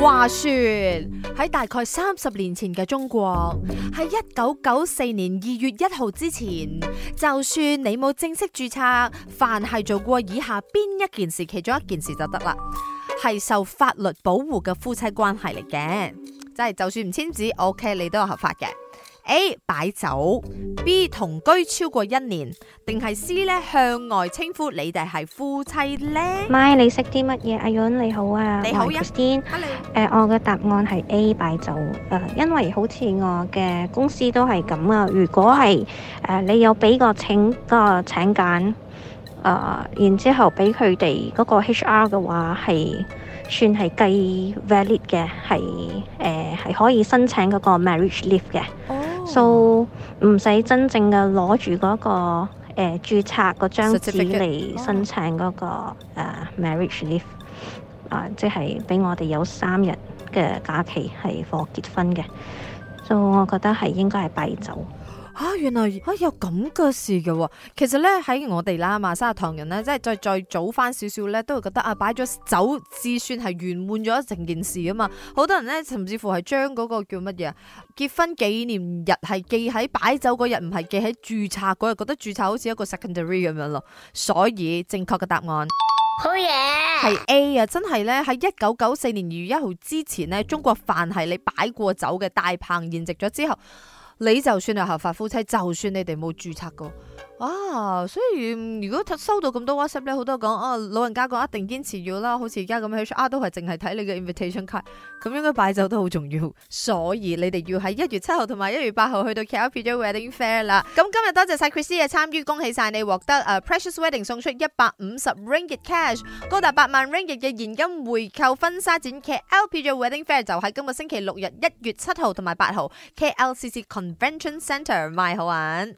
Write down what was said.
話說，喺大概三十年前嘅中國，喺一九九四年二月一號之前，就算你冇正式註冊，凡係做過以下邊一件事，其中一件事就得啦，係受法律保護嘅夫妻關係嚟嘅，即係就算唔簽字，OK，你都有合法嘅。A 擺酒，B 同居超過一年，定係 C 咧向外稱呼你哋係夫妻咧？咪你識啲乜嘢？阿允你好啊，你好呀、啊，誒、呃，我嘅答案係 A 擺酒，誒、呃，因為好似我嘅公司都係咁啊。如果係誒、呃、你有俾個請個請柬，誒、呃，然之後俾佢哋嗰個 HR 嘅話，係算係計 valid 嘅，係誒係可以申請嗰個 marriage leave 嘅。所以唔使真正嘅攞住嗰個誒、呃、註冊嗰張紙嚟申請嗰、那個誒 marriage leave，啊，A certificate. oh. uh, 即係俾我哋有三日嘅假期係放結婚嘅，所、so, 以我覺得係應該係擺酒。啊，原來啊有咁嘅事嘅。啊，其實咧喺我哋啦嘛，沙石塘人咧，即係再再早翻少少咧，都會覺得啊，擺咗酒至算係圓滿咗成件事啊嘛，好多人咧，甚至乎係將嗰個叫乜嘢結婚紀念日係記喺擺酒嗰日，唔係記喺注冊嗰日，覺得注冊好似一個 secondary 咁樣咯，所以正確嘅答案 A，好嘢係 A 啊，真係咧喺一九九四年二月一號之前呢，中國凡係你擺過酒嘅大排筵席咗之後。你就算係合法夫妻，就算你哋冇注冊過。啊，所以如果收到咁多 WhatsApp 咧，好多講啊，老人家講一定堅持要啦，好似而家咁樣啊，都係淨係睇你嘅 invitation card，咁應該擺酒都好重要。所以你哋要喺一月七號同埋一月八號去到 KL PJ Wedding Fair 啦。咁今日多謝晒 Chris 嘅參與，恭喜晒你獲得誒 Precious Wedding 送出一百五十 Ringgit Cash，高達八萬 Ringgit 嘅現金回扣婚紗展。KL PJ Wedding Fair 就喺今個星期六日一月七號同埋八號 KLCC Convention Centre，賣好玩！